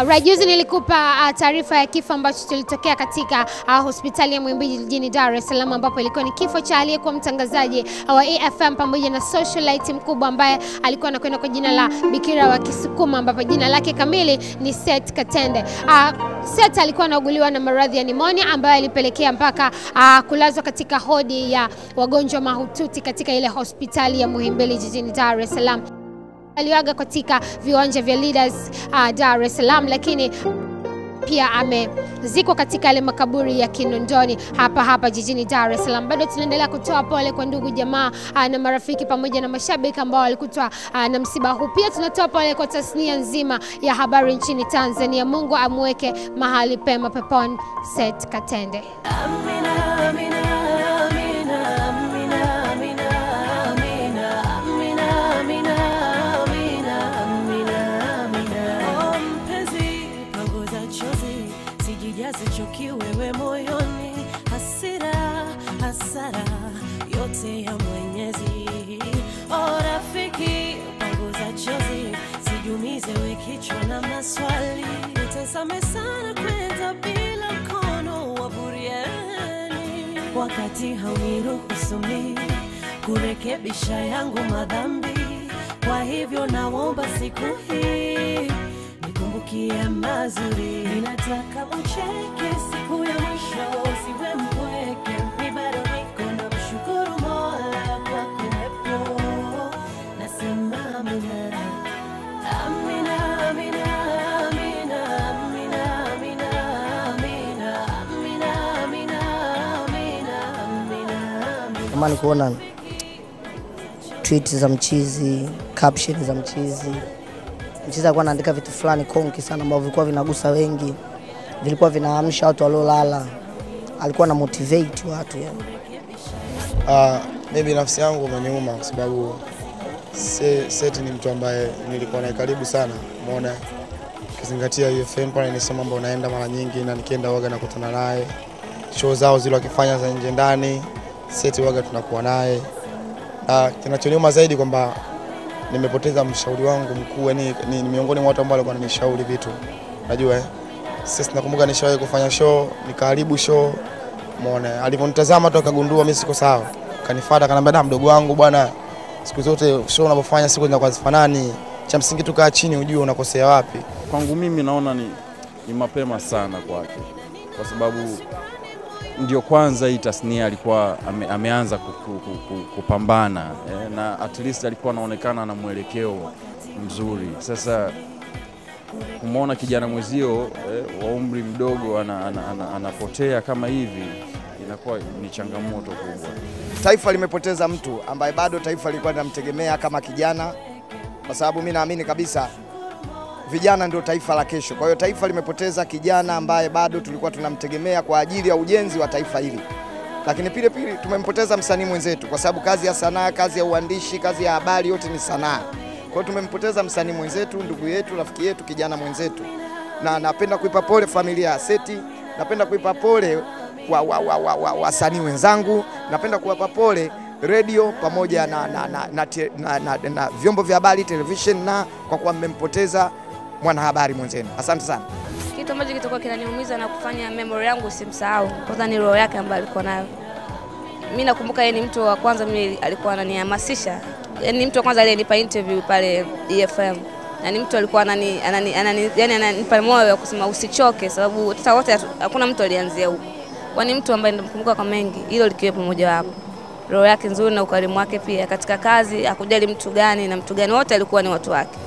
Alright, juzi nilikupa ah, taarifa ya kifo ambacho kilitokea katika ah, hospitali ya Mwimbiji jijini Dar es Salaam ambapo ilikuwa ni kifo cha aliyekuwa mtangazaji ah, wa AFM pamoja na socialite mkubwa ambaye alikuwa anakwenda kwa jina la Bikira wa Kisukuma ambapo jina lake kamili ni Seth Katende. Uh, Seth alikuwa anauguliwa na maradhi ya nimonia ambayo alipelekea mpaka uh, kulazwa katika hodi ya wagonjwa mahututi katika ile hospitali ya Muhimbili jijini Dar es Salaam aliaga katika viwanja vya Leaders uh, Dar es Salaam, lakini pia amezikwa katika yale makaburi ya Kinondoni hapa hapa jijini Dar es Salaam. Bado tunaendelea kutoa pole kwa ndugu jamaa uh, na marafiki pamoja na mashabiki ambao walikutwa uh, na msiba huu. Pia tunatoa pole kwa tasnia nzima ya habari nchini Tanzania. Mungu amweke mahali pema peponi Seth Katende. Amina, amina. hasara yote ya Mwenyezi. O rafiki, za chozi, sijumize wekichwa na maswali, utazame sana kwenda bila mkono wa buriani, wakati hauniruhusu mimi kurekebisha yangu madhambi. Kwa hivyo naomba siku hii nikumbukie mazuri, inataka ucheke siku natamani kuona tweet za mchizi, caption za mchizi. Mchizi alikuwa anaandika vitu fulani konki sana ambavyo vilikuwa vinagusa wengi, vilikuwa vinaamsha watu waliolala, alikuwa na motivate watu yani. Uh, ah, mi binafsi yangu umeniuma kwa sababu se, Seti ni mtu ambaye nilikuwa naye karibu sana, umeona ukizingatia UFM pale ni sehemu ambayo unaenda mara nyingi, na nikienda waga nakutana naye show zao zile wakifanya za nje ndani seti waga tunakuwa naye, na kinachoniuma zaidi kwamba nimepoteza mshauri wangu mkuu, yani ni, ni miongoni mwa watu ambao walikuwa wananishauri vitu, najua eh, sisi, Sasa nakumbuka nishawahi kufanya show, nikaharibu show. Muone alivyonitazama tu akagundua mimi siko sawa, kanifuata akaniambia, da mdogo wangu bwana, siku zote show unapofanya siku zinakuwa zifanani, cha msingi tu chini ujue unakosea wapi. Kwangu mimi naona ni, ni mapema sana kwake kwa sababu ndio kwanza hii tasnia alikuwa ame, ameanza kupambana eh, na at least alikuwa anaonekana na mwelekeo mzuri. Sasa kumwona kijana mwezio eh, wa umri mdogo anapotea ana, ana, ana kama hivi inakuwa ni changamoto kubwa. Taifa limepoteza mtu ambaye bado taifa lilikuwa linamtegemea kama kijana, kwa sababu mi naamini kabisa vijana ndio taifa la kesho. Kwa hiyo taifa limepoteza kijana ambaye bado tulikuwa tunamtegemea kwa ajili ya ujenzi wa taifa hili, lakini pili pili tumempoteza msanii mwenzetu, kwa sababu kazi ya sanaa, kazi ya uandishi, kazi ya habari yote ni sanaa. Kwa hiyo tumempoteza msanii mwenzetu, ndugu yetu, rafiki yetu, kijana mwenzetu, na napenda kuipa pole familia ya Seti, napenda kuipa pole wasanii wa, wa, wa, wa, wenzangu, napenda kuwapa pole redio pamoja na, na, na, na, na, na, na, na vyombo vya habari television, na kwa kuwa mmempoteza mwanahabari mwenzenu. Asante sana. Kitu ambacho kitakuwa kinaniumiza na kufanya memory yangu usimsahau kwanza ni roho yake ambayo alikuwa nayo. Mimi nakumbuka yeye ni mtu wa kwanza, mimi alikuwa ananihamasisha, ni mtu wa kwanza aliyenipa interview pale EFM na ni mtu alikuwa anani, anani, anani, yani ananipa moyo wa kusema usichoke, sababu sasa wote hakuna mtu alianzia huko, ni mtu ambaye namkumbuka kwa mengi, hilo likiwepo mojawapo roho yake nzuri na ukarimu wake pia katika kazi, hakujali mtu gani na mtu gani, wote alikuwa ni watu wake.